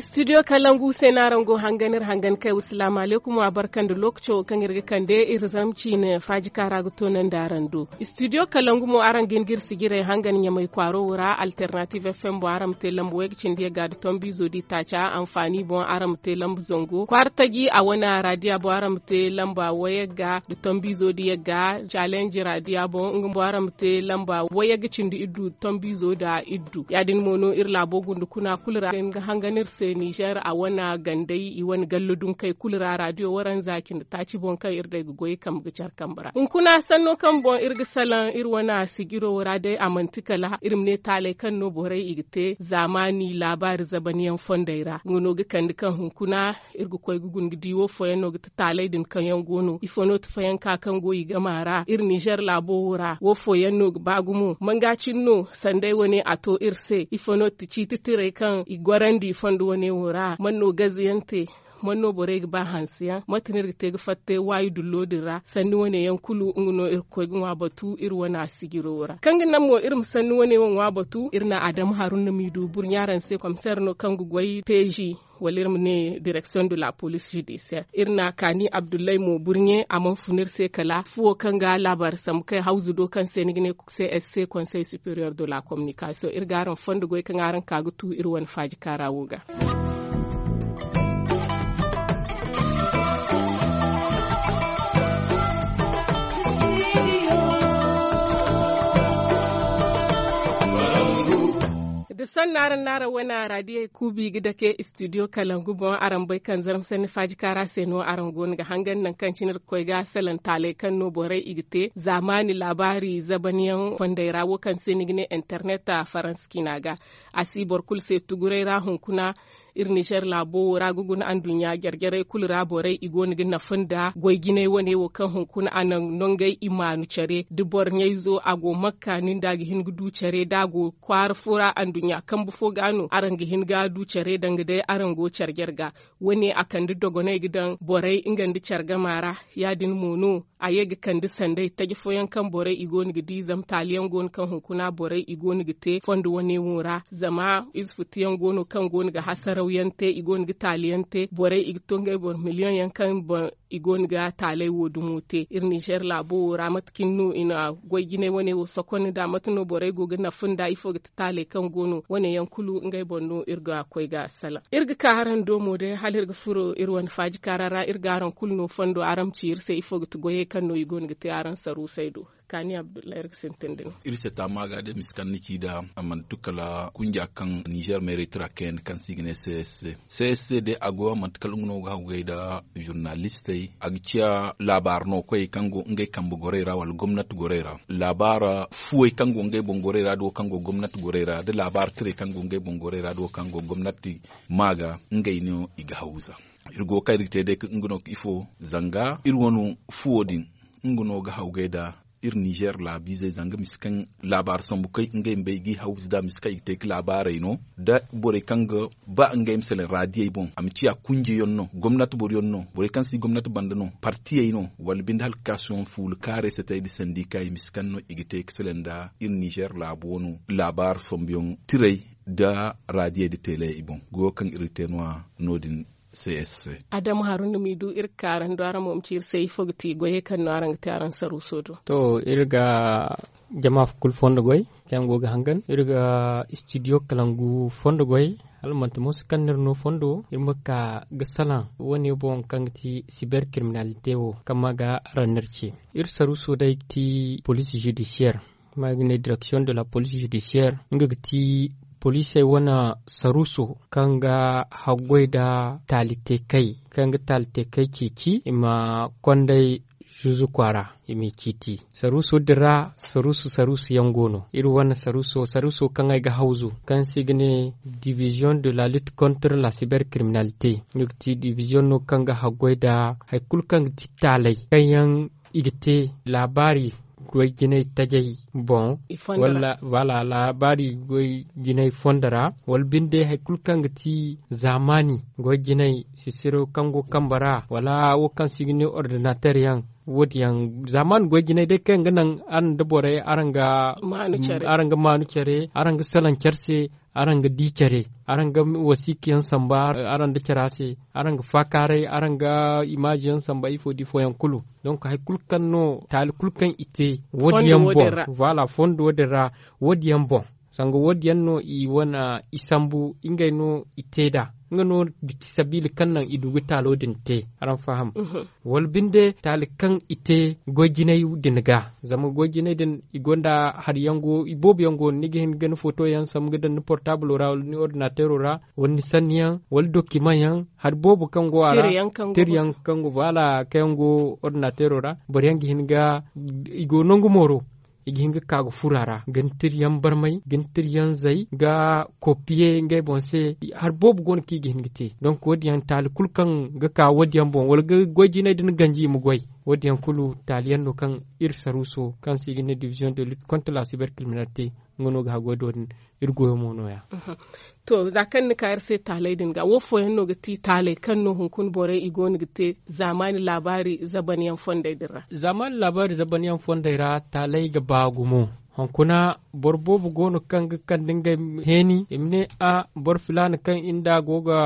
studio kalangu sai na rango hanganar hangan kai assalamu alaikum wa barkan da lokacin kan irga kan da ir zamci na faji kara guto nan da rando studio kalangu mo aran gingir sigire hangan ya mai kwaro wura alternative fm bo aram te lambu wek cin dia gad ton bizo di tacha amfani bon aram te lambu zongo kwartagi a wani radiya bo aram te waya ga du ton bizo di ga challenge radiya bu ngum bo aram te waya ga cin di iddu ton bizo da iddu yadin mono irla labo gundu kuna kulra hanganir sai nijar a wana gandai i wan galludun kai kulra radio waran zakin da taci bon kai irda goyi kam gicar kambara in kuna sanno kan bon irga salan ir wana sigiro wara dai amantika la irim ne tale kan no borai igite zamani labari zabaniyan fondaira ngono ga kan kan hunkuna irgu koy gugun gidiwo foyan no gita tale din kan yan gono ifono ta ka kan goyi gamara ir niger labo wura wo foyan no bagumu mangacin no sandai wani ato irse ifono tici titire kan igwarandi fondo ne wura manno gaziyante manno bore ba hansiya matinir teg fatte wayu dullo dira sanni wone yan kulu ngno ir koygin wa batu ir wana sigirora kangin nam mo irim sanni wone won wa batu irna adam harun mi dubur nyaran se serno kangu goyi peji walir ne direction de la police judiciaire irna kani abdullahi mo burnye amon funir se kala fuo kanga labar sam kai hauzu do kan se nigne CSC conseil supérieur de la communication irgaran fondugo kagu tu irwan faji karawuga son naran nara wana radiyo kubi gida ke studio kalangu bon aran bai kan zaram sani faji kara seno aran goni ga hangan nan kan cinar koi ga salan tale kan no borai igite zamani labari zabaniyan wanda rawo kan seni gine internet a faranski naga asibor kul se tugurai rahun kuna ir niger labo ragugun an dunya gergere kul igo ni gina funda goy gine wane wo kan hunkuna anan nongai imanu chare dubor zo ago makka nin dagi hin gudu chare dago kwar fura an dunya kan bufo gano aran gihin ga du chare dai aran go chargerga wani akan du dogone gidan borai ingandi charga mara yadin mono kan kandi sandai tagi foyan kan borai ni gidi zam taliyan gon kan hunkuna borai ni gite fondu wani wura zama isfutiyan gono kan gon ga hasara naw yante igon ga tali yante bore igtonge bor million yankan bo igon ga talai wo dumute ir niger bo ramat kinnu ina goy gine wone wo sokoni da matno bore go ga nafun da ifo ga tale kan gono wone yankulu ngai bonno irga koy ga sala irga karan do mode halir ga furo irwan faji karara irga ran kulno fondo aramci irse ifo ga goye kan no igon ga tiaran saru saido kani abdullahi riksin tindin irse ta maga de miskan niki da amman tukala kunja kan niger mai retira kan SIGNE csc csc de agwa matkal ngno ga gai da journaliste agcia labar no koy kango ngai kambu gorera wal gomnat gorera labara fuwe kango ngai bon gorera do kango gomnat gorera de labar tre kango ngai bon gorera do kango gomnati maga ngay no iga hausa irgo kayrite de ngno ifo zanga irwonu fuodin nguno ga hawgeda ir niger la bize zanga mi labar kaŋ laabaar sambu kay ngey mbey gi hawis da mi si tek laabaaray no da bore kanga ga ba ngey mselen radiyey bon am ci a yonno yon no gomnati bor yon no bore kan si gomnati bandano no ino no wala binde halkasiyon kare kaare setaydi di mi yi kaŋ no yi tek selenda da ir niger la bonu labar sambu yon tirey da radiyey di tele ibon go kan iri tenwa nodin CSC. Adamu Haruna Midu irka aran do aran mom cir sey fogti goye kan no aran ti aran saru sodo. To irga jama kul fondo goy kan goga hangan irga studio kalangu fondo goy almanta musu kandir no fondo irma ka gasalan woni bon kangti cyber criminalité wo Kamaga ranerci ir saru sodo ti police judiciaire magne direction de la police judiciaire ti polise wana saruso kanga hagweda talitekai kanga talitekai kici ma kwandai juzu kwara mai kiti sarusu dira sarusu sarusu yan gono iri wani sarusu sarusu kan ga hauzu kan signe division de la lutte contre la cybercriminalité nukti division no kan ga da haikul kan titalai kan yan igite labari goy jinay tajay bon wala wala la bari goy jinay fondara wal binde hay kulkang ti zamani goy jinay sisiro kango kambara wala wokan sigini ordinateur yang wodi yang zaman go jine de ken ganan an dabore aranga manucere aranga aran aranga salan cerse aranga dicere aranga wasiki yan samba eh, aranga ga aranga fakare aranga imaji yan samba ifo di fo yan kulu donc hay kulkan no tal kulkan ite wodi yan bon voilà fondo wodera yan bon sango wodi yanno i wona isambu ingayno iteda biti sabili kannan wita lo din te aran faham mhm. wal binde kan ite gojinai din ga zama gojinai din igonda har yango ibob yango nige hin gan foto yan sam gidan ni portable ra ni ordinateur ra wani sanyan wal document yan har bobu go ara ter yan kango wala go ordinateur ra bari yan hin ga igo nongu moro iginga kago furara gentir yan barmai gentir yan zai ga kopiye ngai bonse har bob gon ki gihinga te donc wodi yan tal kulkan ga ka wodi yan bon wal ga goji na din ganji mu goy wodi yan kulu yan no kan ir saruso kan sigine division de lutte contre la cybercriminalité ngono ga godon ir goyo mono ya to za kan ni kayar sai talai dinga wo foyan no ti talai kan no hunkun bore igo ni gite zamani labari zaban yan dira zamani labari zaban yan ra talai ga bagumo hankuna bor bobu gonu kan kan dinga heni imne a bor filan kan inda goga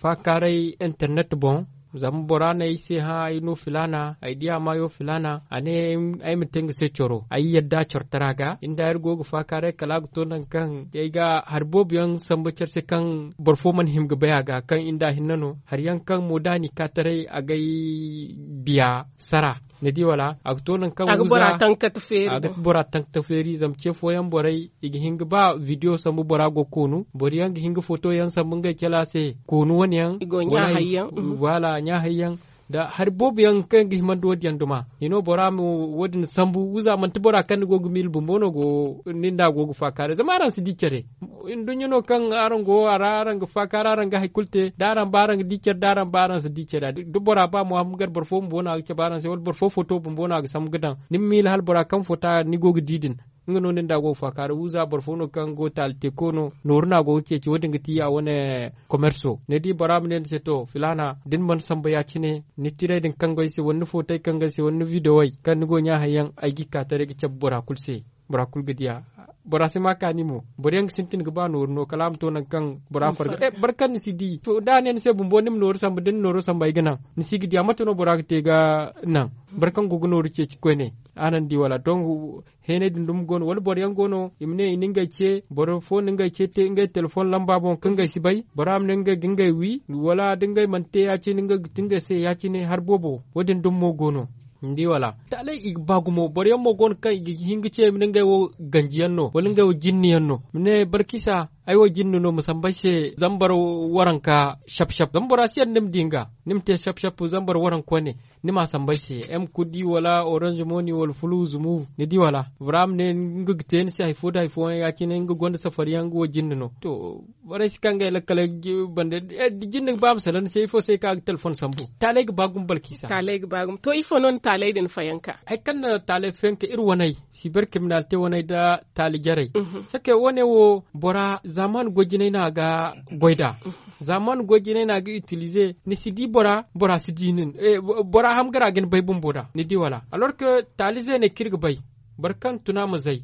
fakarai internet bon zam yi ise ha ino filana ay diya mayo filana ane ay miteng se choro ay yadda chortaraga inda ergo gu fakare kala gu tonan kan har harbo biyan sambo cerse kan borfo man him gu bayaga kan inda hinano har yan kan modani katare agai biya sara ne di wala ak nan kan ak bora tan ka feri ak bora tan feri zam ce fo yan borai igi hinga ba video sam bora go konu bori yang hinga foto yan sam ga kela se konu wani yan mhm. wala nya hayyan da har bobu yan kan gi man duwa yan duma ino bora mu wadin sambu uza man tibora kan go gumil bu mono go ninda go gu fakare aran si dikere in no kan aran go ara aran gu fakare aran ga haikulte daran baran diker daran baran si dikere du bora ba mu am gar bor fo mu bona ke baran se wal bor fo foto bu bona ga sam gidan nim mil hal bora kan fota ni go gu didin ngono da go fakar uza barfono kan go talte kono na go ke ci wodin gati ya wone commerce ne di baram ne se to filana din man samba ya ne ni tire din kan go isi wonno fotai kan ga si wonni video ai kan go nya hayan gi ka tare ga cabbora kulse bora kulgadiya bura sima kanimo bura yang sintin gaba nor no kalam to nan kan bura farga e eh, barkan ni sidi to da ne se bumbo nim nor sam din nor sam bai gana ni sigi diya mato no bora te ga nan barkan gugu nor ce ci kwene anan di wala don hene din dum gono wal bura yang gono imne ni ininga ce bura fo ninga ce te inga telefon lamba bon kanga si sibai bura am ninga gingai wi wala dingai man te ya ce ninga tinga se ya ce ne har bobo wadin dum mo gono ndi wala ta lay ig bagumo boryan mo gon kan ig hingice minen gay wo ganjiyanno wala wolin wo barkisa aiwo ginnu no musambashe zambar waranka shap shap zambar asiyan nim dinga nim te shap shap zambar waran kone nima sambashe em kudi wala orange money wal flu zumu ne di wala vram ne ngug ten si ay foda ay fo ya ne ngug gonda safari yangu wo ginnu no to wara shi kangay la kala bande eh, di ginnu bam salan sey fo sey ka telephone sambu talai bagum balkisa talai bagum to ifo non talai den fayanka ay kan talai fenke ir wonay si ber criminal te da tali jarai mhm. sake wane wo bora zaman gojine na ga goida zaman gojine na ga utilize ni sidi bora bora sidi nin eh, bora ham gara gen bay bum boda ni di wala alors que talize ne kirga bay barkan tuna ma zai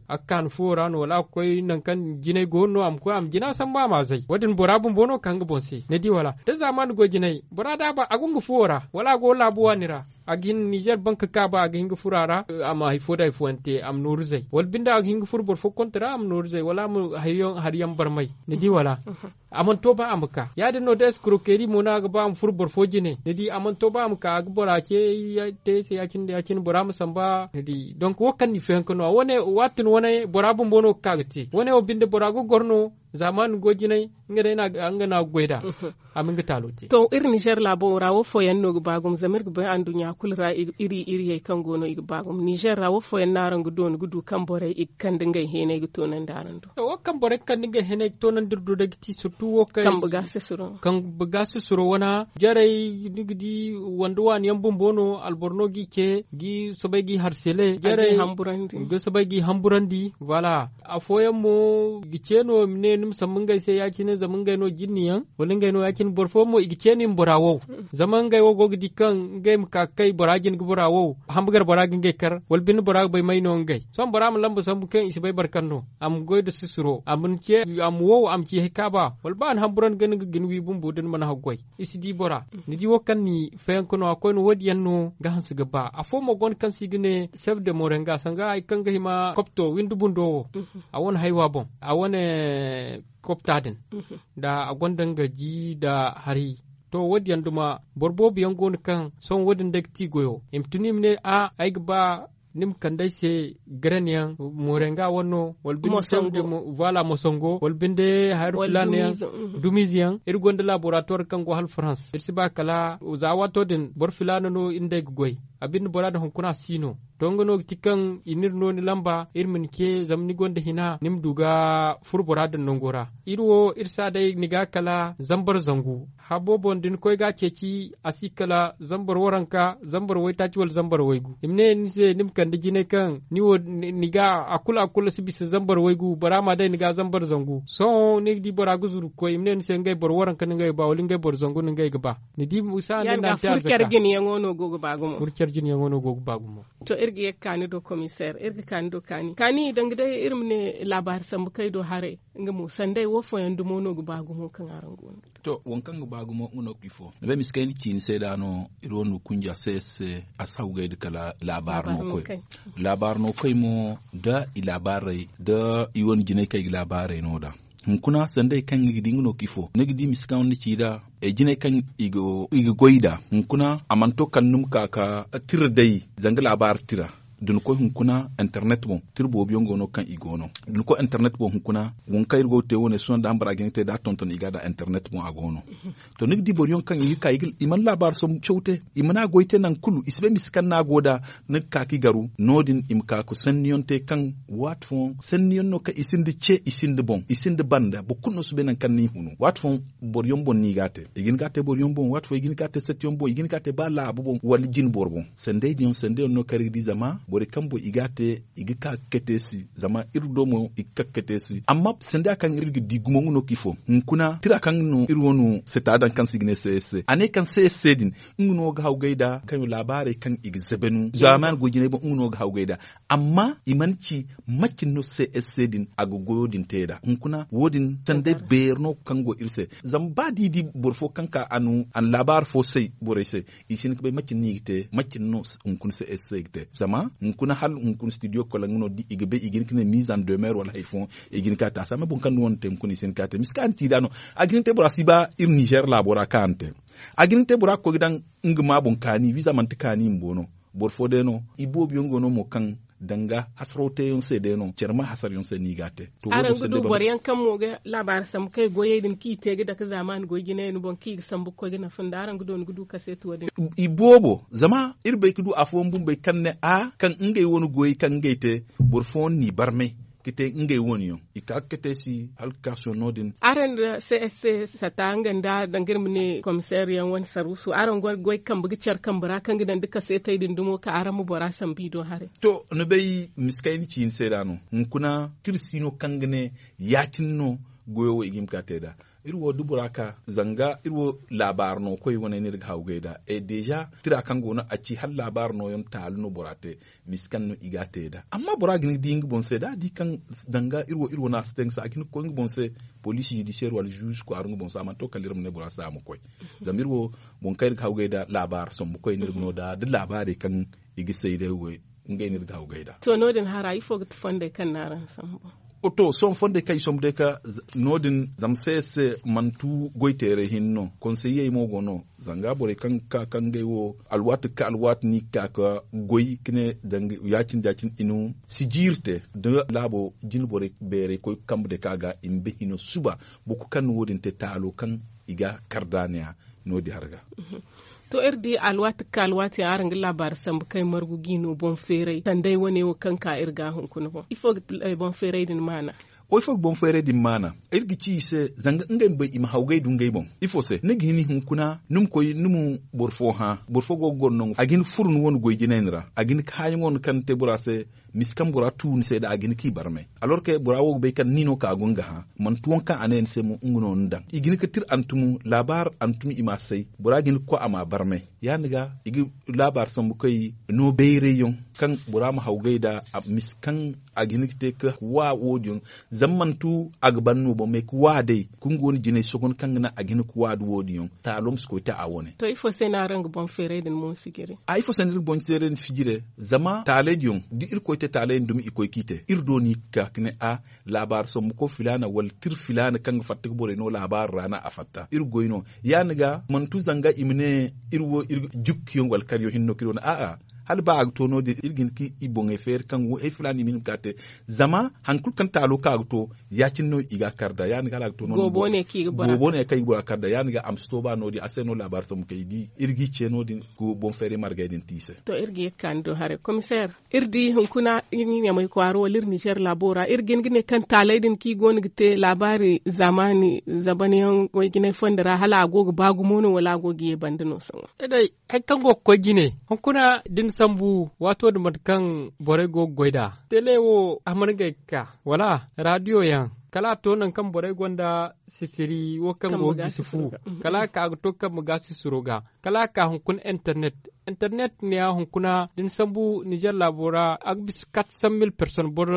fora no wala koy nan kan jinai no am ko am jina san ba ma zai wadin bora bun bono kan ga bonse ne di wala da zaman gojine bora da ba agungu fora wala go labuwa nira agin niger banka kaba aga hinga furara ama hifoda hifuante am norzai wal binda aga hinga furbor fo kontra am zai wala mu hayon haryan barmai di wala mhm. aman to ba ya de no des krokeri mona aga ba am furbor fo jine di aman to ba amka aga ya te se kin ya kin bora musamba di donc wakan ni fen kono wone watin wone bu mbono kagti wone o binde go gorno Zamanu gojinai ngada ina anga na gweda aminga talote to ir niger labo rawo foyen nogu bagum zamir andu andunya kulra iri iri hay kan gono ig bagum niger rawo foyen naran don gudu kan bore ig kan dinga hene ig tonan daran to wo kan bore kan dinga hene tonan dirdo da giti surtu wo kan kan buga su suro kan buga su suro wana jarai digdi wandu wan yambum bono alborno gi ke gi sobe gi harsele jarai hamburandi gi sobe gi hamburandi wala afoyen mo no ne nim samungai yakin zaman gai no wani gai no yakin borfo mo igcenin borawo zamangai wo gogdi kan ngai mkakai boragin gi borawo hambugar boragin gai kar walbin borag bai mai no ngai son mu lambu sambu kan isi bai no am da susuro am ce am wo am ci hekaba ba ban hamburan gani gi gin wi bumbu den man hagoy isi di bora ni di wokan ni fayan kono akoy no wodi yanno ga hansu gaba fo mo gon kan sigine chef de morenga sanga ay kan ga hima kopto windu bundo mhm. awon haywa bon awon eh, koptaden mhm. da gwandan gaji da hari to wadi yanduma borbo biyan goni kan son wadin da ti goyo imtunim ne a ba nim dai se grenian murenga wonno walbin semde voilà mosongo walbinde hayr fulanian dumisian mhm. ir er gonde laboratoire kango hal france ir er siba kala zawato den bor filano no inde goy abin bora da hunkuna sino dongono tikan inir noni lamba irmin ke zamni gonda hina nim duga bora da nongora irwo irsa dai niga kala zambar zangu habo din koy ga ceci asikala zambar waranka zambar wai ci wal zambar waigu imne nise nim kan dijine kan niwo niga akula akula sibisa zambar bara barama dai niga zambar zangu so ni di bora guzuru koy imne nise ngai bor waranka ngai ba wali ngai bor zangu ngai gaba ni di musa nan nan ta zakka furker gini yango no gogo bagumo furker sarjin ya gogu go bagumo to irgi ya kani do commissaire irgi kani do kani kani idan gida irin ne labar sambu kai do hare nga mu sandai wo fo yandu mono go bagumo kan arango to wonkan go bagumo uno bifo miskai ni kini sai da no ironu kunja sese asaugai duka la, labar no koy labar no koy mo da i ilabarai da iwon jine kai labarai no da nkuna sanda kan gidi ngino kifo gidi miska wani cida e jine kan igo igo goida nkuna amanto kan num ka ka tira dai zanga abar tira dun ko hunkuna internet bon tirbo biongo no kan igono dun ko internet bon hunkuna won kayir go te woni son da ambara te da tonton igada internet bon agono mhm. to nik di borion kan yi kay gil iman labar som chowte imana goite nan kulu isbe miskan na goda nik ki garu nodin imka ko sennion te kan watfon sennion no ka isindi che isindi bon isindi banda bo kunno sube nan kan ni hunu watfon borion bon ni gate igin gate borion bon fo igin gate setion bon igin gate ba labu bon wal jin borbon sende dion sende no kari di zama bore kambo igate igi ka ketesi zama irdomo ikka ketesi amma sende akan irgi digumo nguno kifo nkuna tira kan no irwonu seta dan kan signe sese ane kan sese din nguno ga haugaida kan labare kan igi zebenu zaman gojine bo nguno ga haugaida amma imanci macin no sese din agogo din teda nkuna wodin sande berno kango irse zamba didi borfo kanka anu an labar fo sei bore sei isin ko be macin ni macin no nkun sese gite zama nkuna hal nkun studio kola nguno di igbe igin kine mise en demeure wala ifon e igin kata sa me bon kan won tem kuni sin kata mis kan tidano agin te bora siba ir niger la bora kante agin te bora ko gidan ngma bon kani visa man kani mbono bor deno ibo biongo no mo kan danga hasrote yon se deno cerma hasar yon se nigate to aran gudu bor yan kan mo ga labar sam kay goye din ki tege da zaman go gine no bon ki sam bu ko gina funda aran gudu on gudu kase to din ibobo zama irbe kidu afon bumbe kanne a kan ingay wonu goyi kan ngayte bor ni barme kite nge woniyo ika kete si hal no nodin aran csc sata angan da dangir mune komisari wani sarusu aran gwa gwa kan bugi char kan bara kan gidan duka sai tai dindumo ka aran mu bora san bido hare to no bai miskain cin sai dano nkuna kirsino kangane yatinno goyo igim irwo duburaka zanga irwo labar no koy wona ni daga hawgeda e deja tira kan gona a ci hal labar no yon talu no borate miskan no igate da amma boragini ding bonse da di kan danga irwo irwo na steng sa akin ko ngi bonse police judiciaire wal juge ko arngo bonsa man e to kalirum ne sa mu koy zamirwo bon kay daga hawgeda labar som mu koy nirgo da da labare kan igi sai dai we ngai ni daga hawgeda to nodin hara ifo gut fonde kan naran sambo oto son fonde kay de ka nodin zam sese mantu goitere hinno conseiller mo gono zanga bore kan ka kange wo alwat ka alwat ni ka ka goy kine dang da yacin inu sijirte de labo jin bore bere koy de kaga imbe hino suba boku kan wodin te talo kan iga kardania nodi harga mm -hmm. to irdi alwati ka alwati aran gilla bar sam kai margu gino bon ferai tandai wane kan ka irga hunkuno eh, bon ifo bon ferai din mana oi fok bon fere di mana gi ci se zanga ngem be im hawge du ngay bon faut se ne gi ni hun kuna num koy num fo ha fo go gonno agin furun won goy jinenra agin kayon won kan te burase miskam bura tun se da agin ki barme alors que bura wo be kan nino ka gonga ha man tuwon kan anen se mo ngono ndan igin ka tir antumu labar antum ima bura gin ko ama barme yaniga igi labar son muka yi no bere yun kan bura mu haugai da miskan a ginigte ka wa wojin zaman tu agban no bo mai kuwa dai kun goni jine sokon kan na a gini kuwa ta alom su sko ta awone to ifo na rang bon fere den mon sigere a ifo na rang bon fere den fijire zama tale yun di ir ko ta tale dum iko kite ir do ni ka kine a labar son muka filana wal tir filana kan fatik bore no labar rana a fatta. ir goyno yaniga mantu zanga imne irwo irgo jukkiyo ngol kadi yo hinno a'a halba ag tono de irgin ki i bonge fer kan wo e fulani min kate zama hankul kan talo ka ag to ya cinno iga karda ya ni ag tono gobo ne ki gobo gobo ne kai gura karda ya ni ga ba no di aseno labar to mkai di irgi ceno di go bon fere marga din tise to irgi kan do hare commissaire irdi hunkuna ni ne mai kwaro lir niger labora irgin gine kan talai din ki gon gite labari zamani zabaniyan go gine fondara hala agogo bagumo ne wala agogo ye bandino sun dai hakkan go ko gine hunkuna din sambu wato da matkan borego goida telewo amarga ka wala radio yan kala to nan kan borai gonda sisiri wo kan go gisifu mhm. kala ka to kan mu gasi suroga kala ka hunkun internet internet ne ya hunkuna din sambu Niger labora san mil person bor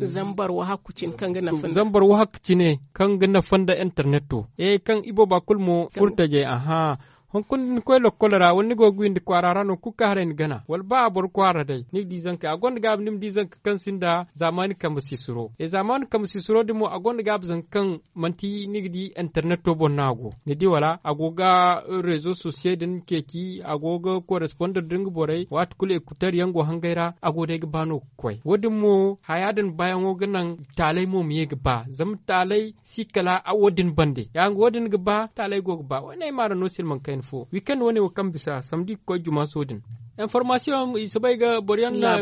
zambar wa hakucin kan gina fanda zambar wa hakucine kan gina fanda internet to eh kan ibo bakul mu furta je aha honkun koy lo kolera wonni go ko arara no kuka haren gana wal ba bor kwara dai ni dizanka agon gab nim dizanka kan sinda zamani kam sisuro e zamani kam sisuro dimo agon gab zan kan manti di internet to nago ne di wala agoga réseau social din keki agoga correspondent din borai wat kule kutar yango hangaira agode ga bano koy wodin mo hayadin bayan wo ganan talai mo miye ga ba zam talai sikala awodin bande yango wodin ga ba talai go ga ba wani mara no silman kai info weekend wane wa kambe sa samedi ko juma sodin information isabaiga boryan la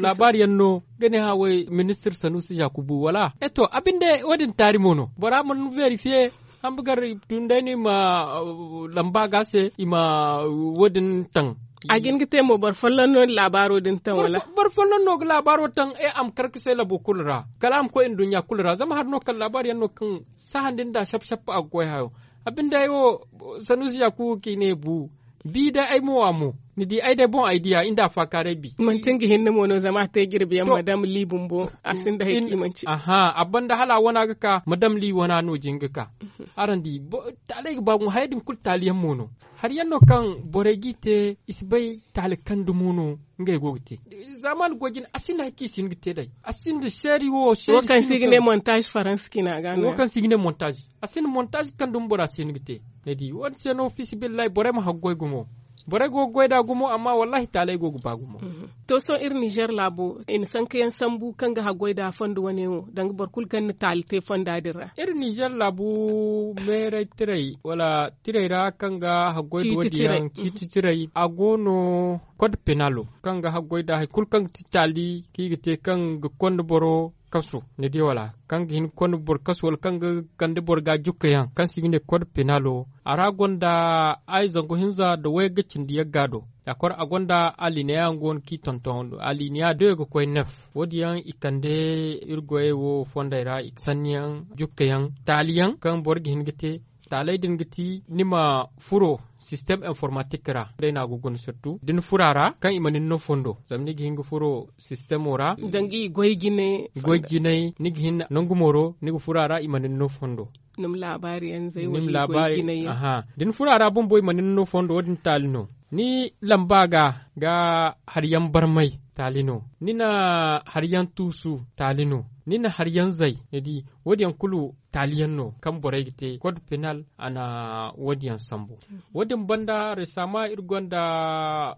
labari yanno gane ha way ministre sanusi yakubu wala eto abinde wadin tari mono bora mun verifie hambugar tundaini ma uh, lamba gase ima uh, wadin tang a gingite mo bar no labaro din tan wala bar no labaro tan e am sai labo kulra kala am ko en dunya kulra zama har no kan labar yanno kan sahan din da shap shap a goy hayo abin yi wa sanusi ya ki ne bu bi da ai wa ni di ai bon idea inda fa bi. man tingi hinne mono zama te girbi ya madam li bumbo asin da heki ci. aha abban da hala wana ga ka madam li wana no jinga ka mhm. aran di talai ba mu haidi kul taliyan mono har yanno kan boregi te isbai talikan du mono ngai gogte zaman gogin asin haki sin gite dai asin du sheri wo sheri kan signe montage ga no wo kan signe montage asin montage kan mbora bora sin gite ne di won sen office billahi bore ma haggoy gumo bore go da gumo amma wallahi lai go ba gumo mhm. to so ir niger labo in ke yan sambu kanga ha da fondu wane wo dang bor kul kan tal te fonda dira ir niger labo mere tirai wala tirai ra kanga ha goyda wodi yan citi tirai agono kod penalo kanga ha goyda da kul kan tali kigite kan gondo boro Kasu ne di wala kan hin kon bor kasu wal kan kan de bor ga jukka yan kan sigi ne kod penalo ara gonda ay zango hinza da waye gacin diya gado akor agonda alineya ngon ki tonton alineya de ko koy nef wodi yan ikande irgoye wo fondaira iksanyan jukka yan taliyan kan bor hin gite ta din giti nima furo système informatique ra na gugun surtout din furara kan imanin no fondo zamni gi hingu furo système ora zangi goygine goygine nigi hin nongumoro nigi furara imanin no fondo nim labari yan zai wani labari aha din furara bon boy manin no fondo din talino ni lambaga ga har yan barmai talino ni na har yan tusu talino nina har yanzai nidi wadiyan kulu taliyan no kan borai gite. code penal ana wadiyan sambo mm-hmm. wadin banda resama irgonda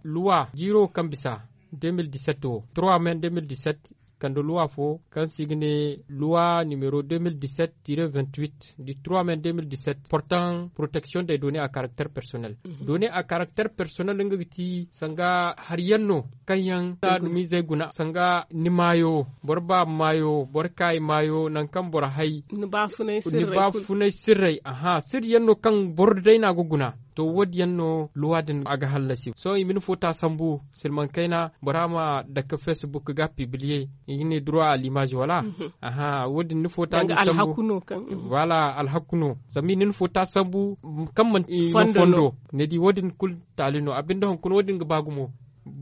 luwa jiro kan bisa 2017 3 mai 2017 Kandoluwa fo kan la loi numéro 2017-28 du 3 mai 2017 portant protection des données à caractère personnel. Mm Données à caractère personnel ngiti sanga hariyanno kanyan ta numi guna sanga nimayo borba mayo borkai mayo nan kan bor hay ni ba aha sirri yanno kan bor dai na guguna to wod yanno luwadin aga hallasi so imin futa sambu silman kaina barama daga facebook ga publier igini droit à l'image wala mhm. aha wodi ni futa ni sambu alhakuno kan mhm. wala alhakuno zami nin futa sambu kamman fondo ne di wodin kul talino abinda hon kun wodin ga bagumo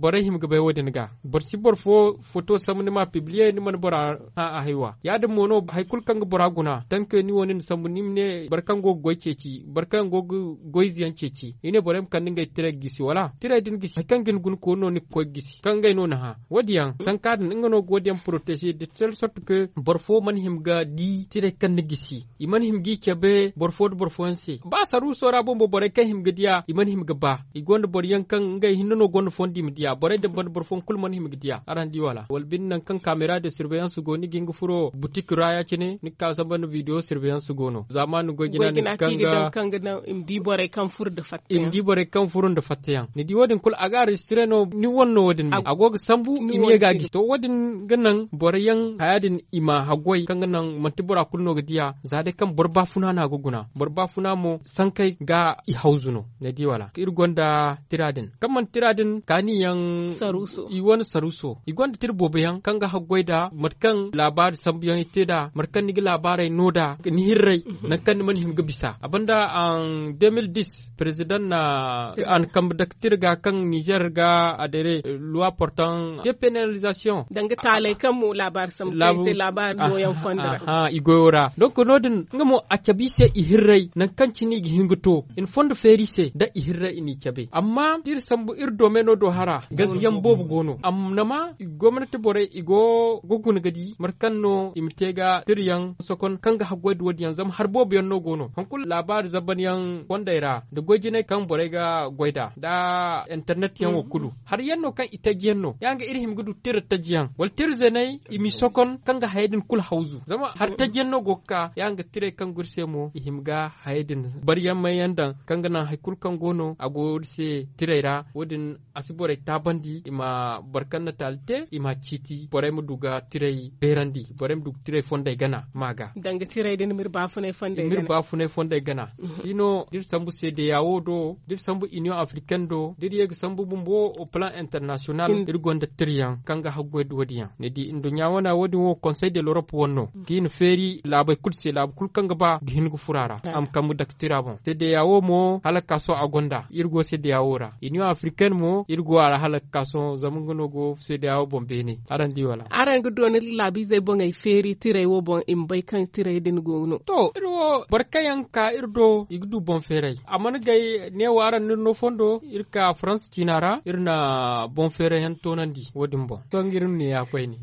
bore him gabe wode nga bor si bor fo photo ni ma publier ni man bora a a haywa yadin mono hay kul kang bora guna tan ke ni wonin samu nimne barkan go goyceci barkan go goyziyan ceci ine borem kan ninga tire gisi wala tire din gisi kan gin gun ko noni ko gisi kan ngai na ha wadiyan san kadin inga no godiyam protéger de tel sorte que bor fo man him ga di tire kan gisi i iman him gi be. bor fo bor fo ansi ba saru sora bombo bore kan him ga diya iman him ga ba igonde bor yankan ngai hinno no gondo fondi mi diya ya bore de bon bor fon kulmon him aran di wala wal bin nan kan camera de surveillance go ni ginga furo boutique raya cine ni ka bon video surveillance go no zamanu go gina ni kanga kanga na im di bore kan furo de fatte im di bore kan furo de fatte yan ni di wodin kul aga registre no ni wonno wodin agog sambu ni ye gi to wodin gannan bore yan hayadin ima hagoi kanga nan mantibura kulno go dia zade kan borba funa na guguna borba funa mo sankai ga i hauzuno ne di wala ir gonda tiradin man tiradin yan. kan saruso iwan saruso igon tir bobe yang kan ga hagwai da matkan labar sambiyan ite da matkan ni labarai no da ni hirrai na mhm. kan man himga bisa abanda an 2010 president na an kam daktir ga kan Niger ga adere loi portant penalisation. danga talai kan mu labar sambiyan ite labar doyan ah, fandara ah, ha ah, igoyora donc nodin a acabi se ihirrai na kan cini gihingoto in fondo ferise da i ihirrai ni cabe amma dir sambu ir domeno do hara gaskiyan bobu gono amnama gwamnati bore igo gugun gadi markanno imtega tiryan sokon kanga hagwadi wadi yan zam har bobu yanno gono hankul labar zaban yan gondaira da gojine kan bore ga gwaida da internet yan mm-hmm. wakulu har yanno kan itagiyanno yanga irhim gudu tir tajiyan wal tir zenai imi sokon kanga haidin kul hauzu zama har tajiyanno gokka yanga tire kan gurse mo ihimga haydin mai yanda kanga nan haikul kan gono a gurse tiraira wadin asibore ta bandi ima barkan natalite ima citi bore mu duga tirei berandi bore mu duga tirei fonday gana maga danga tirei den mir fune fonde gana mir fune fonday gana mhm. sino dir sambu yawo do dir sambu Union Africaine do dir yeg sambu bumbo au plan international dir gonda triyan kanga hagwe wadiyan ne di indunya wana wadi wo Conseil de l'Europe wonno mm. kin feri labai kulse kul kanga ba gin gu furara am kamu dak tirabon yawo mo hala kaso agonda irgo yawo ra Union Africaine mo irgo ala halak kaso zamu ngono go se de aw bombe ni aran di wala aran gudo la bi ze bon ay feri tire wo bon im bay kan tire den go no to irwo barkayan ka irdo igdu bon fere amana gay ne waran ni no fondo irka france cinara irna bon fere hen tonandi wodin bon to ngirun ne akwai ni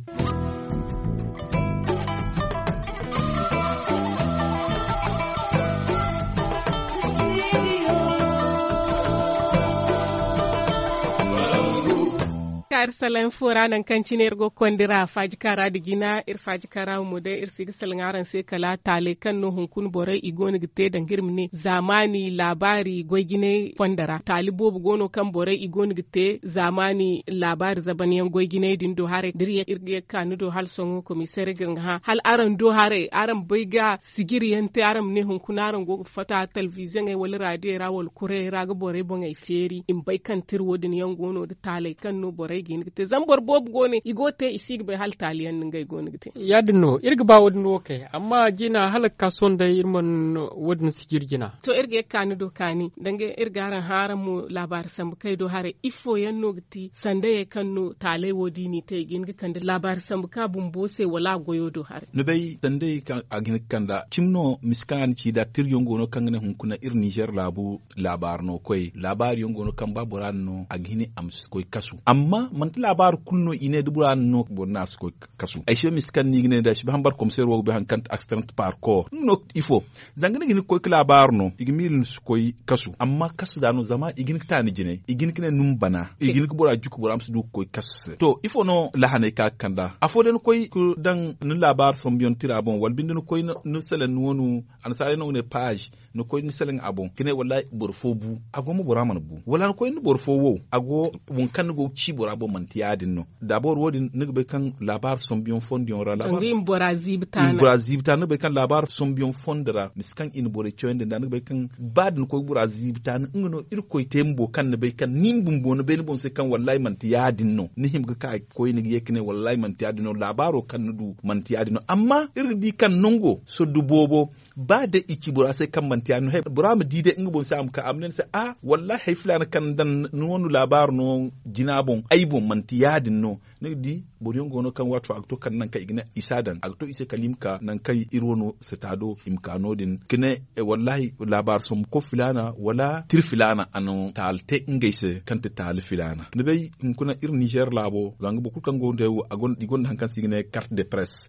ar salen fura nan kan ciner go kondira fajikara kara digina ir fajikara kara mu da ir sigi salin aran sai kala tale kan no hunkun bore igoni gite dan girmini zamani labari goigine fondara tali bobu gono kan bore igoni gite zamani labari zabaniyan goigine din do hare diriye irge kanu do hal songo komisere ganga ha hal aran do hare aran ga sigiri yente aran ne hunkun aran go fata television ai e wal radio ra wal kure ra borai bore bon e feri in bai kan tirwodin yan gono da tale kan no bore hinigte zambor bob gone igote isigbe hal taliyan ngai gonigte yadno irga ba wadin woke amma jina halak kason da irman wadin sigir jina to irge kani do kani dange irga ran mu labar sam kai do hare ifo yanno giti sande e kanno tale wodi ni te ginga kande labar sam ka bum bose wala goyo do hare ne dai sanda kan agin kanda chimno miskan ci da tir yongo no kangne hun kuna ir niger labu labar no koy labar yongo no kamba baburan no agini am koy kasu amma manti labar kulno ine dubura no bonna sko kasu ay she miskan ni ngene da shi ban bar ser wo be han kant accident par ko no ifo zangane ko koy labar no igmil sko kasu amma kasu da no zama igin ta ni jine igin kine num bana igin ko bora juku bora amsu du koy kasu to ifo no lahane ka kanda afo den koy dan nu labar bion tirabon wal bindin koy no selen wonu an sare no ne page no ko ni selen abo kine wala borfo bu ago mo boraman bu wala ko ni borfo wo ago won kan go ci borabo man tiyadin no dabor wodi ni be kan labar fond yon rala labar ngim borazib tana borazib tan be kan labar sombion fondra kan in bore choyende dan be kan bad badin ko borazib tan ngono ir ko tembo kan be kan nim bum bon be bon se kan wallahi man tiyadin no ni him ka ko ni yekne wallahi man tiyadin no labaro kan du man tiyadin no amma ir di kan nongo so du bobo ba da iki borase kan man tiyanu he burama dide inga bon sam ka amnen se a ah, wallahi hay fulana kan dan nonu labar no jinabon aibon manti yadin no ne di boriyon gono kan watu akto kan nan ka igna isadan akto ise kalimka nan kai irono sitado imkano din kine e wallahi labar som ko fulana wala tir fulana ano talte inga ise kan ta tal fulana ne bai kuna ir niger labo zanga bu kan go de agon digon kan signe carte de presse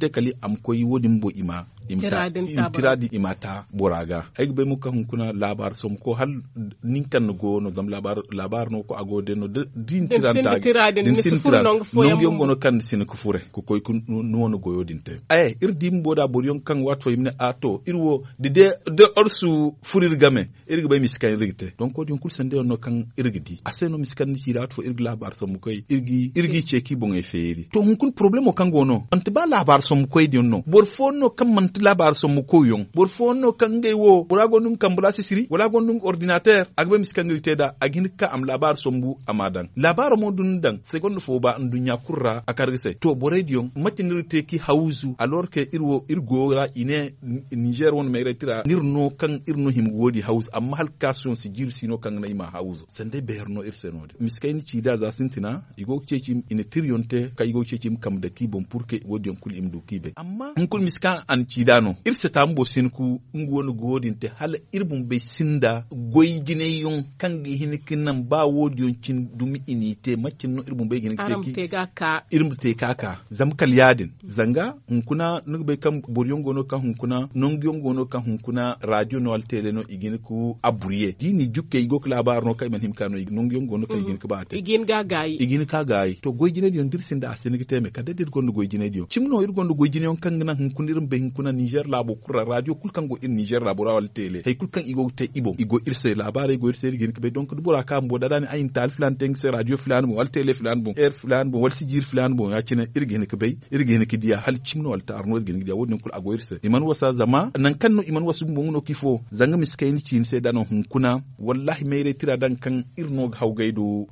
te kali am koy wodi bo ima imta tiradi imata boraga daga ay bai muka hunkuna labar som ko hal nin kan go no zam labar labar no ko ago de no din tiran ta din sin tiranta non yon gono kan sin ko fure ko koy kun no no go din te ay ir dim boda bor yon kan wat fo imne ato ir wo de de de orsu furir game ir be miskan rigte donc ko yon kul sande no kan irgidi aseno miskan ni tirat fo ir labar som koy irgi irgi cheki e feeri to hunkun kun problem o kan gono anta ba labar som ko di no bor fo no kan man labar som ko yon bor fo no kan ge wo wala gonun kambula sisiri wala gonun ordinateur agbe miskango iteda agin ka am labar sombu amadan labar mo dun dan segon fo ba ndunya kurra akargese to radio matinir te ki hauzu alors que irwo la ine niger won mere tira nirno kan irno him wodi haus amma hal kasun si jir sino kan na ima hauzu sende berno irsenode miskain ci da za sintina igo cecim ine tiryonte ka igo cecim kam da ki bon pour que wodi on kul imdu kibe amma on kul miskan an ci dano irse tambo sinku ngwonu godin te hal irbum be sinda goy jine yon kangi gi hin kinan ba wodi yon cin dumi ini te macin no irbum be gine te ki irbum te kaka zam kal yadin zanga hunkuna nuk be bur boryon gono ka hunkuna non gion gono ka hunkuna radio no al tele no igin ku aburiye dini jukke igok labar no kay men him kanu non gion gono kan mhm. igin ka ba te igin ga gayi igin ka gayi to goy jine yon dir sinda asin ki teme kada dir gondo goy jine yon cimno irgondo goy jine yon kangina hunkuna irbum be hunkuna niger labo kura radio kul kango in niger labora wal tele hay kulkan igo te ibo igo irse labare igo irse gin be donc du bura kam da dani ayin tal filan teng se radio filan bo wal tele filan bo air filan bo wal sijir filan bo. yakine irgen ke be irgen ke dia hal chimno wal tarno irgin dia wodi kul ago irse iman wasa zama nan kanno iman wasu mo ngono kifo zanga miskayin cin se dano hunkuna wallahi mere tira dan kan irno hawgaydo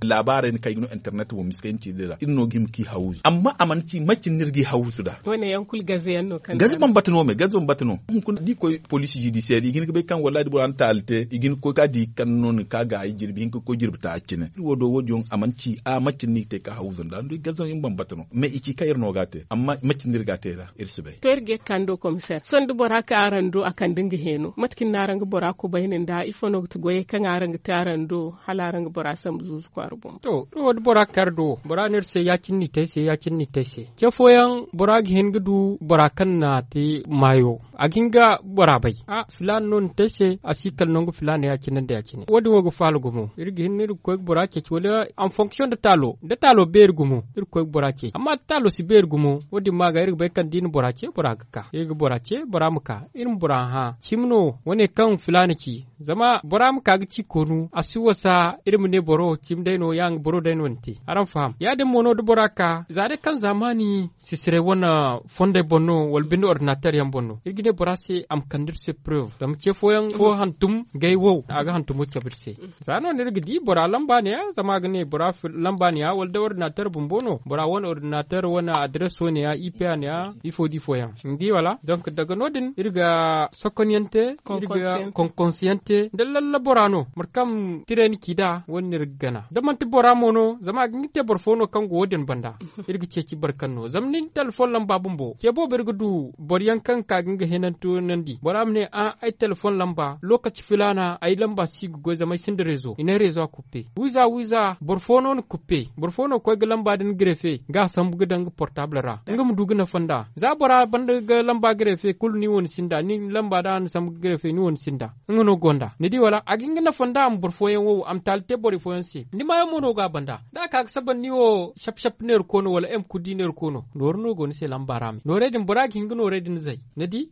ne kay no internet mo miskayin cin dira irno gim ki hawuzu amma amanci macin nirgi hawuzu da wone yankul gazeyan no kan gaze bambatno me gaze bambatno hunkuna di koy police judiciaire siyar igin ka be kan wala di buran talte igin ko ka di kan non ka ga ay jirbi igin ko jirbi ta cine wodo wodjon amanci a macin ni te ka hauzan da ndu gazan in bambatano me ci kayir no gate amma macin dir gate da irsibe to irge kando commissaire son du bora ka arando akan dinga heno matkin narang bora ko baynin da ifono to goye kan arang tarando halarang bora sam zuzu ko arbon to do wod bora kardo bora ner se yakin ni te se yakin ni te se ke foyan bora hin gudu bora kan na te mayo aginga bora bay a filan non tese a sikal nongo filan ya kinan da ya kinan wadi wogo falo gumo irgi hin ir koy bora ke wala en fonction de talo de talo ber gumu ir koy bora ke amma talo si ber gumu wadi maga irgi bay kan din bora ke bora ka irgi bora ke bora muka irin bora ha chimno wone kan filan ki zama bora muka ga ci konu asuwasa irin ne boro kim no yang boro daino nti aran faham ya de mono do bora ka zade kan zamani sisire wona fonde bonno bindo ordinateur yam bonno irgi ne bora se am kandir se preuve ro dam ke foyan fo hantum gay wo aga tumu ce birse zano ne gidi bora lamba ne zama zama gane bora lamba ne ya walda ordinateur bumbono bora won ordinateur wona address woni ya ip ne ya ifo di foyan ndi wala donc daga din irga sokoniente irga consciente de la laborano markam tireni kida rigana dam damanti bora mono zama n'o kan go din banda irga ceci barkanno zamnin telefon lamba bumbo ke bo birgudu boryan kan ka ga hinan to nan di boram ne a ai telefon lamba lokaci filana ai lamba sigu goza mai sin rezo ina rezo kupe wiza wiza borfono ni kupe borfono ko ga lamba din grefe ga san bugu dan portable ra nga mu dugu na fanda za bora banda ga lamba grefe kul ni won sinda ni lamba da an san grefe ni won sinda n'o gonda ni di wala agin na fanda am borfoyen wo am talte bori fo si ni ma no ga banda da ka saban ni wo shap shap ner kono wala em kudi ner kono go ni se lamba rami noredin bora gingino redin zai nadi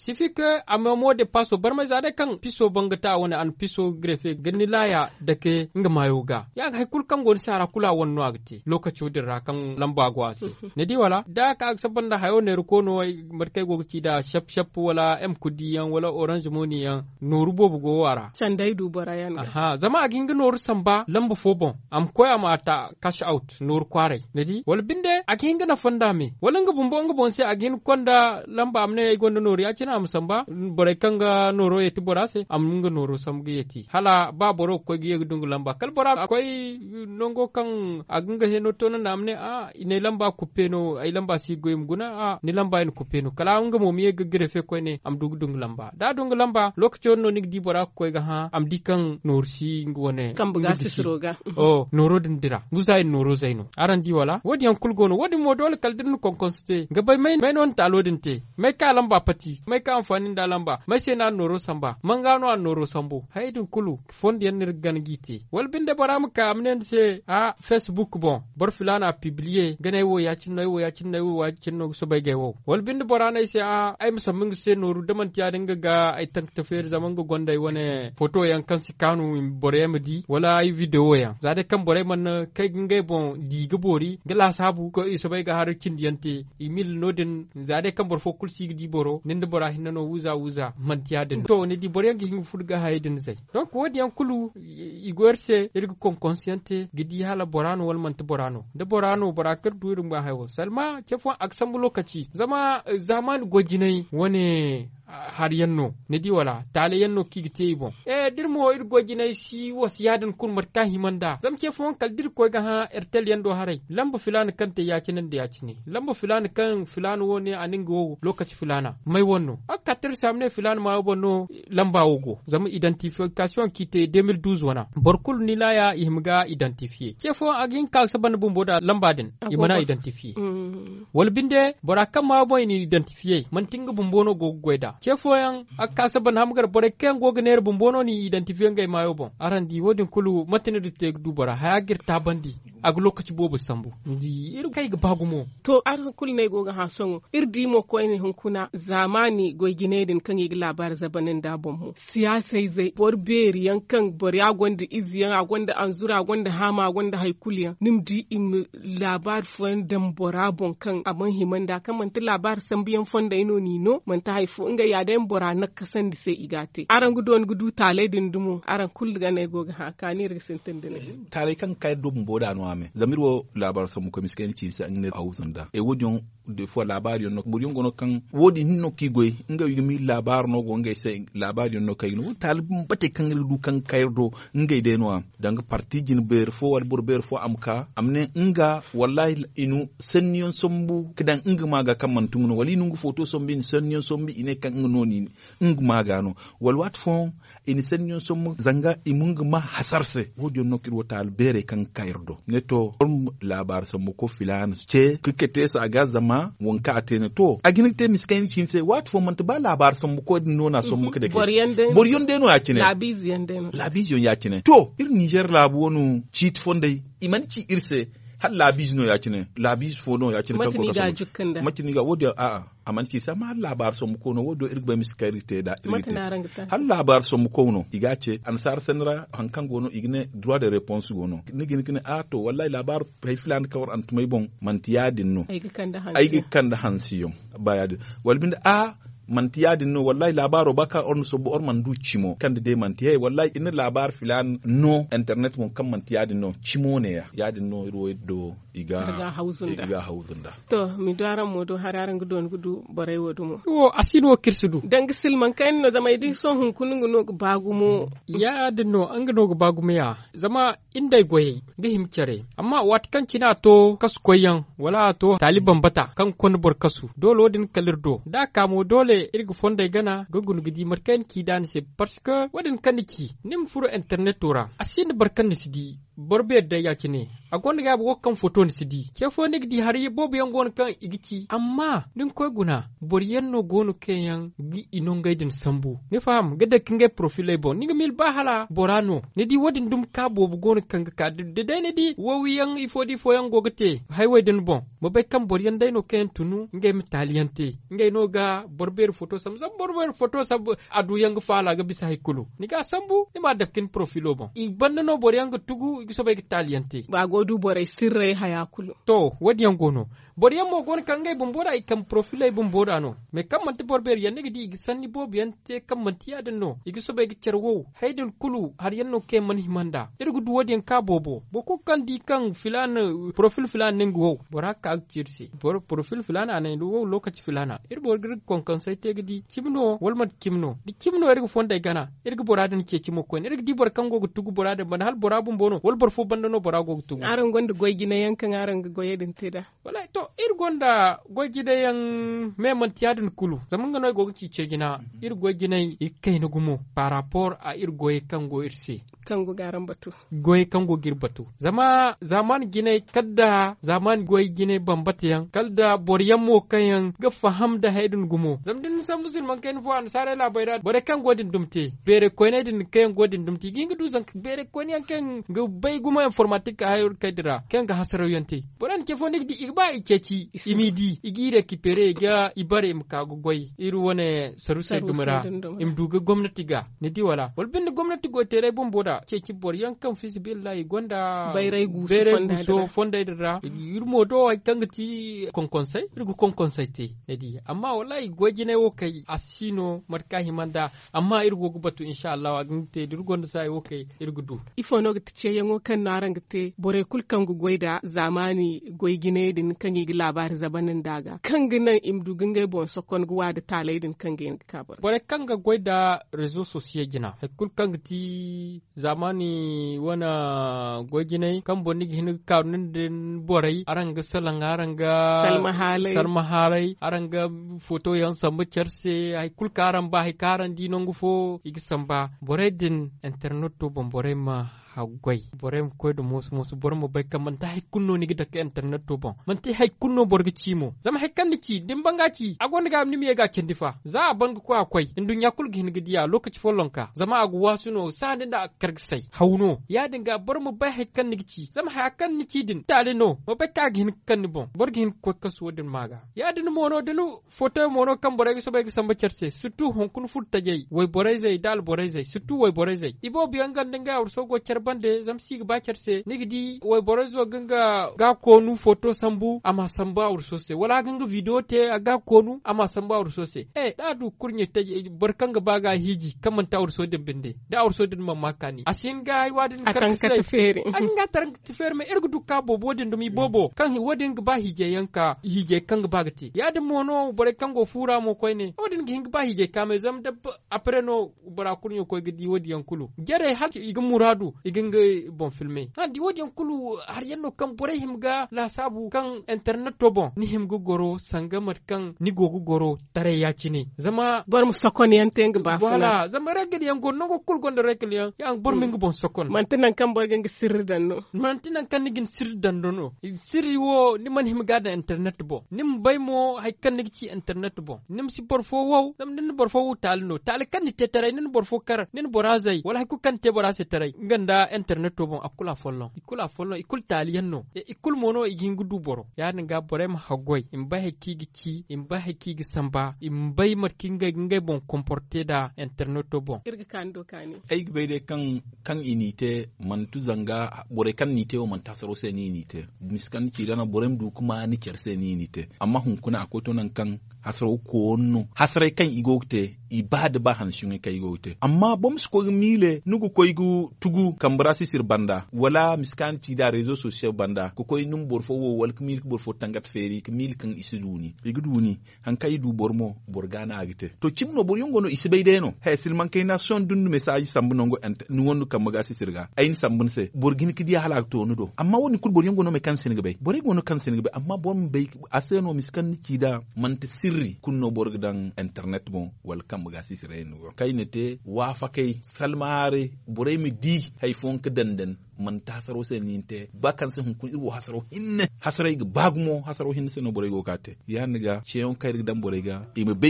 am mo de passo bar mai zade kan piso bangata wani an piso grefe gani laya da ke nga mayoga ya ga haikul kan goni sara kula wannu agti lokaci ra kan lamba gwasi ne di wala da ka ak saban da hayo ne rukono markai gogaci da shap shap wala em kudiyan wala orange yan noru bobu go wara sandai dubara yan aha zama a ginga nuru samba lamba fobon am koya mata cash out noru kwarai ne di wala binde a ginga na fanda me wala nga bumbo nga bonse a ginga kwanda lamba amne gonda nuru ya kina am samba bare kanga nuru noro yeti bora se am nunga noro samgi yeti hala ba boro ko gi yeg dungu lamba kal bora akwai uh, nongo kan agunga heno na namne a ne lamba kupeno ay lamba si goyim guna a ne lamba en kupeno kala unga mo miye gegrefe ko ne am dug dungu lamba da dungu lamba lokacin no nik di bora ko ga ha am di kan nor si ngone kam buga sisroga o noro dira musa en noro zaino aran di wala wodi an kul gono wodi mo dole kal dirnu kon konste gabai mai mai non talodin te mai ka lamba pati mai ka amfani da lamba mai se na noro noro samba mangano an noro sambo haydun kulu fondi yanir gan giti binde baram ka amnen se a facebook bon bor filana publier gane wo ya nay wo ya nay wo yacin no so bayge wo wal binde borana se a ay musammin se noru daman tiya dinga ga ay tank tafiyar zaman go gonday wone photo yan kan si kanu borem di wala ay video yan zade kam bore man eh, kay ngay bon di gabori gala sabu ko so iso bayga har kindiyante imil nodin zade kam bor fokul sigi di boro nende bora hinno wuza wuza man tiya to ne di boren gi furga haydin zai donc wadi yan kulu igorse irga kon consciente gidi hala borano wal manta borano da borano barakar duirin ba hayo salma ke fon aksan lokaci zama eh, zaman gojinai wani har yanno ne di wala tale yanno kigi te bon e dir mo ir goji nay si was yadan kun mat ka himanda zam ke fon kal dir ko ga ha ertel yando harai lambo filana kan te yaki nan da lambo ne kan filana wo anin go lokaci filana mai wonno akka ter samne filana ma wonno lamba wugo zam identification kite 2012 wana borkul ni la ya ihmga identifier ke fo agin kal saban bu boda lamba din ah, imana identifier mm. wal binde boraka ma boy ni identifier man tinga mbono go goida a kasa ban hamgar bore ken bu bono ni identifier ga mayo bon arandi wodin kulu matene du te du bara haya girta tabandi ak lokaci bobu sambu ndi ir kai ga bagumo to aran kul ne goga ha songo ir mo ko ni hunkuna zamani goy ginedin kan yi labar zabanin da mu siyasai zai bor beri yankan bor ya gonda iziyan a gonda anzura gonda hama gonda nim di im labar fon dambora bon kan abun himanda da kan manta labar sambiyan fon da ino nino manta haifu inga ya yaden bora na kasan dise igate aran gudon gudu tale din dumo aran kul ga ne goga ha kani rig sintin ne. tale kan kay dum boda no ame zamir wo labar so mu ko misken ci sa ngne awusun da e wodion de fo labar yon nok buri ngono kan wodi nok ki goy nga yumi labar no go ngay se labar yon nok kay no tal mbate kan du kan do ngay de no am dang parti jin ber fo wal bur ber fo am ka amne nga wallahi inu senyon sombu kedan nga maga kan mantungno wali nungu foto sombi senyon sombi ine kan noni ng magano wal wat fon ini sen nyon som zanga imung ma hasarse wodio nokir tal bere kan kairdo neto la bar sa ko filan ce kikete sa gazama won wanka atene to agin te miskan chin se wat fon mant ba labar sa no na som muka de boryon de no la labizion de no ya chine to ir niger labo no cheat fonde imanci irse har labis no ya ne labis fo no ya ne. kan ko kaso matini ga wodi a a ci sama labar so mu no wodo irgba miskari te da irgite har labar so mu no iga ce ansar senra go no igne droit de réponse gono nigin kine a to wallahi labar pay filan kawar antumay bon mantiya dinno ay kan da hansiyo baya wal bin a manti yadin no wallahi labaro baka on so bo man du cimo kande de manti hey wallahi in labar filan no internet mon kan manti yadin no cimo ne ya yadin no ro do iga iga hauzunda to mi dara modo hararan gudon gudu borai wodu mo o asino kirsudu dang silman kan no zama idi so hun kunungu no bagumo yadin no an gano bagumo ya zama inda goye gihim kere amma wat kan kina to kas koyan wala to taliban bata kan kon bor kasu dole din kalirdo da kamo dole bore irga fonda ya gana ga gidi marken kidan se parce que wadan kaniki nem furo internet tora asin barkan sidi borbe da yakine agon ga bo kan photo ni sidi ke fo nik di hari bo bi ngon kan igiti amma din koy guna bor no gonu kenyan gi inon gaidin sambu ni faham gada kinge profile bo ni mil bahala borano ni di wadin dum ka bo gonu kan ka de dai ni di wawiyan ifo di fo yan hay way din bon mo be kan bor yen dayno ken tunu ngai mitaliante ngay no ga borber photo sam sam borber photo sam adu yang fala ga bisa hikulu ni ga sambu ni ma dapkin profilo bon i bandano yang tugu giso bay taliente ba godu boray sirre haya kulu to wadi gono. boryen mo gon kangay bombora i kam profila i bombora no me kam man manti yan yanne gidi igi sanni yan yante kam man manti yaden no igi sobe igi cerwo haydel kulu har yanno ke man himanda irgu du wodi ka bobo boko kan di kan filan profil filan nengu wo bora ka ak cirsi bor profil filan anan du wo lokaci filana ir bor gir kon kan sai te gidi kimno walmat kimno di kimno irgu fonda gana irgu bora den ke cimo kon irgu di bor kan gogu tugu bora den ban hal bora bumbono wal bor fo bandano bora tugu aran gonda goy gina yankan aran goyedin teda wallahi to to ir gonda go gidayan memon tiyadin kulu zaman ga noy go cice gina mhm. ir go ginai ikai na gumo par rapport a ir go kan go irse kan go garan batu go kan go gir batu zama zaman gina kadda zaman go gina bambata yan kalda boryan mo kayan ga faham da haidin gumo zam din san musulman kayan fo an sare la bayda bore kan din dumte bere ko ne din kayan godin dumte ginga zan bere ko ne kan go bay gumo informatique hayor kadira kan ga hasarawiyanti boran ke fo di igba ke deki imidi igire kipere ga ibare mkagugwai iru wane sarusai dumura imduga gwamnati ga ne di wala walbin gwamnati go tere bomboda ke kibor yankan fisibillahi gonda bayrai gusu fonda so fonda dira irmo do ay tangati kon conseil iru kon conseil te ne di amma wallahi goji ne wo kai asino marka himanda amma iru go gubatu inshallah wa Allah aginte gonda sai wo kai iru gudu ifono no gitce yango kan narangate bore kulkan go goida zamani goigine din kan gi labari zabanin daga kan ginan imdu gingai bon sokon guwa da talaidin kan gin kabar bore kan ga gwai da rezo sosiye gina hakul kan ti zamani wana gwai ginai kan bonni gini karunin din borai aranga salanga aranga salma halai salma halai aranga foto yan sambu cerse hakul karan ba hikaran dinon gufo fo. ba borai din internet to bon borai ma hagwai borem do mos mos bormo bay kam manta hay kunno ni gida ka internet to bon manta hay kunno borga cimo zama hay kan ci dim banga ci agon ga ni mega cendi fa za bang ko akwai indu nyakul gi hinga diya lokaci folonka zama agu wasuno sa da kargsai hauno ya dinga bormo bay hay kan ni ci zama hay kan ni ci din tale no mo bay ka gi hin kan ni bon borga hin ko kaso din maga ya din mono dinu foto mono kam borega so bay gi samba cerse surtout hon kun futta jey way borezai dal borezai surtout way borezai ibo biyangan dinga so go cerba bande zam sig bacerse nigdi way borozo ganga ga konu photo sambu ama sambu awur sose wala ganga video te ga konu ama sambu awur sose e da du kurnye te barkanga baga hiji kaman ta awur sodin binde da awur ma mamakani asin ga wadin karkasai fere an ga taranka tifere me ergu du kabo bodin mi bobo kan wadin ba hije yanka hije kanga bagati yadin mono bore kango fura mo koyne wadin hinga ba hije kame zam da apre no bara kurnye koy gidi wadi yankulu gere har iga muradu digenge bon filmé andi wodi en kulu har yanno kam bore himga la sabu kan internet to bon ni himgo goro sangamat kan ni gogo goro tare ya zama bor mu sokon yan ba wala zama regel yang go nogo kul gonde regel yang yan ya bor hmm. mingo bon sokon mantinan kan bor gangi sirri danno mantinan kan nigin sirri danno no sirri wo ni man himga da internet bo nim bay mo hay kan nigi ci internet bo nim si bor fo wow dam nin bor fo tal no tal kan ni tetare nin bor fo kar nin borazai wala ko kan te borazai tare ganda internet to bon akula follon ikula follon ikul taliyan no e ikul mono igin e du boro yani ga bore ma hagoy in ba hakigi ci in ba hakigi samba in bay markin kinga ngay bon comporter da internet to bon irga kan kani ay bai kan kan inite man tu zanga bore kan nite o man tasaro se ni nite miskan ci dana bore du kuma ni cerse ni nite amma hun kuna akoto nan kan hasra o koonnu hasra e kan igogte i baad ba han shunge ka igogte amma bom sko mile nugu koygu tugu kambrasi sir banda wala miskan ti da réseau social banda ko koy num borfo wo wal bor borfo tangat feri kmil kan isiduni igduni han kay du bormo borgana agite to chimno bor yongono isibeydeno he silman kay na son dundu message sambu ent nuwonu kambrasi sirga ayin sambunse borgin kidi halak to do amma woni kul bor yongono me kan sinigabe bor yongono kan sinigabe amma bom be aseno miskan ti da man sir sirri kunno borg dan internet mo wal kam ga sisire no kai ne te wa fa kai salmare mi di hay fon ka dandan man ta hasaro sai ni te bakan sai hun kun irwo hasaro hinne hasaro ga bagmo hasaro hinne sai no burai go kate ya ni ga dan burai ga e me be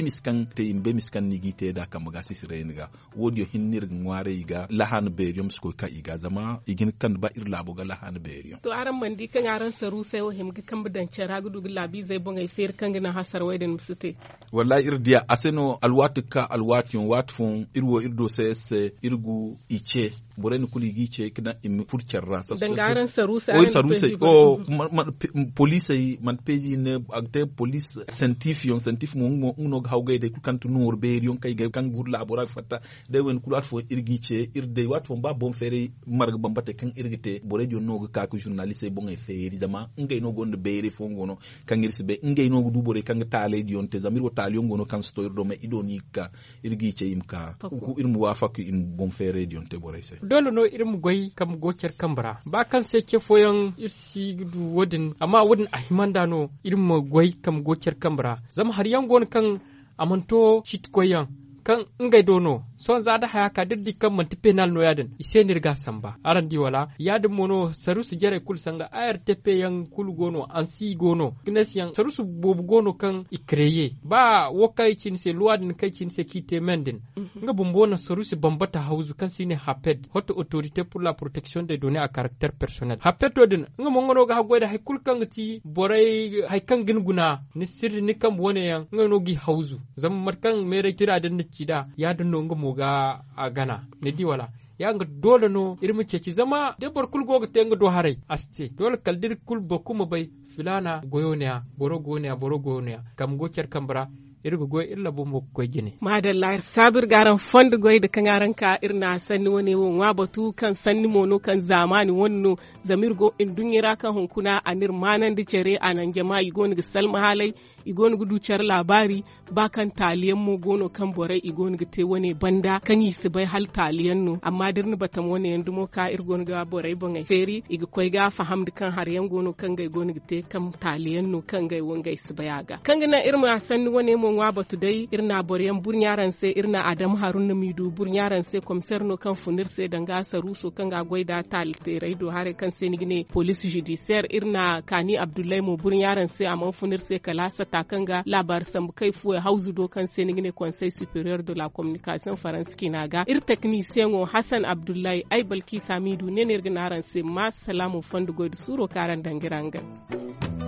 te im be miskan ni gi te da kam ga sisire ni ga wodi hinnir ngware ga lahan berium sko ka iga zama igin kan ba ir labo ga lahan berium to aran mandi kan aran saru sai o him ga kan bidan chara gudu labi zai bon ai fer kan na hasar te wallahi irdiya aseno alwatu ka alwatu yon watu fon irwo irdo sese irgu ice ni kuli gice kina imi furcer rasa dangaren sarusa oi sarusa o yi man peji ne agte police scientifique on scientifique mo uno hawge de kan tu nur be yon kay kan bur labora fatta de wen kulat fo irgi ce irde wat fo ba bon fere marga bambate kan irgite bore jo no ka kaku journaliste bon e feri zama ngay no gonde beere fo ngono kan irsi be ngay no du bore kan tale yon te zamir wo yon ngono kan stoir do me idonika irgi ce imka ku irmu wafaku im bon fere dion te bore se dole no irin gwai kam goker kambara ba kan sai ke foyan irsi gudu wadin amma a ahimanda no irin mu gwai kam goker kambara zama har gon kan amanto shit koyan kan ngai dono son zada hayaka diddi kan man tepe nal no yaden ise nirga samba arandi wala yadin mono sarusu jere kul sanga ARTP yang kul gono ansi gono kines yang sarusu bobu gono kan ikreye ba wokai cinse luwadin kai cinse kite mendin mhm. nga bombona sarusu bambata hauzu kan sine haped hoto autorité pour la protection des données à caractère personnel haped to din nga mongono ga hagoda hay kul kan ti borai hay kan guna ni sirri ni kam wone yang nga no gi hauzu zam kan mere tira da ni cida yadin no nga mu ga a gana ne diwala nga dole no ce ci zama debar kul goga nga do harai aste dole kaldir kul kuma bai filana goyoneya boro goyoneya boro goyoneya kam go cer kambra irgo goy illa bo mo koy gine madalla sabir garan fond goy de kangaran ka irna sanni woni won wa batu kan sanni mono kan zamani wonno zamir go in dunyira kan hunkuna anir manan di cere anan jama'i goni salma halai igon gudu char labari ba kan taliyan mu gono kan borai igon gute wani banda kan yi su bai hal taliyan nu amma dirni batam wani yandu mo ka irgon ga borai bongai feri iga koi ga faham kan har yan gono kan gai gono gute kan taliyan nu kan gai wangai su bai aga kan gina irma asan wani mun wa batu dai irna boryan yaran sai na adam harun midu yaran sai komisar no kan funir sai danga saruso kan ga goida talterai do hare kan sai ni gine police judiciaire na kani abdullahi mo yaran sai amon funir sai kalasa kanga labar sambu kai fuwa hauzu dokan kan ne conseil supérieur de la communication na ga ir technicien o hassan abdullahi ai balki samidu nenirginaran se ma salamu fandugoyde suro karan dangirangal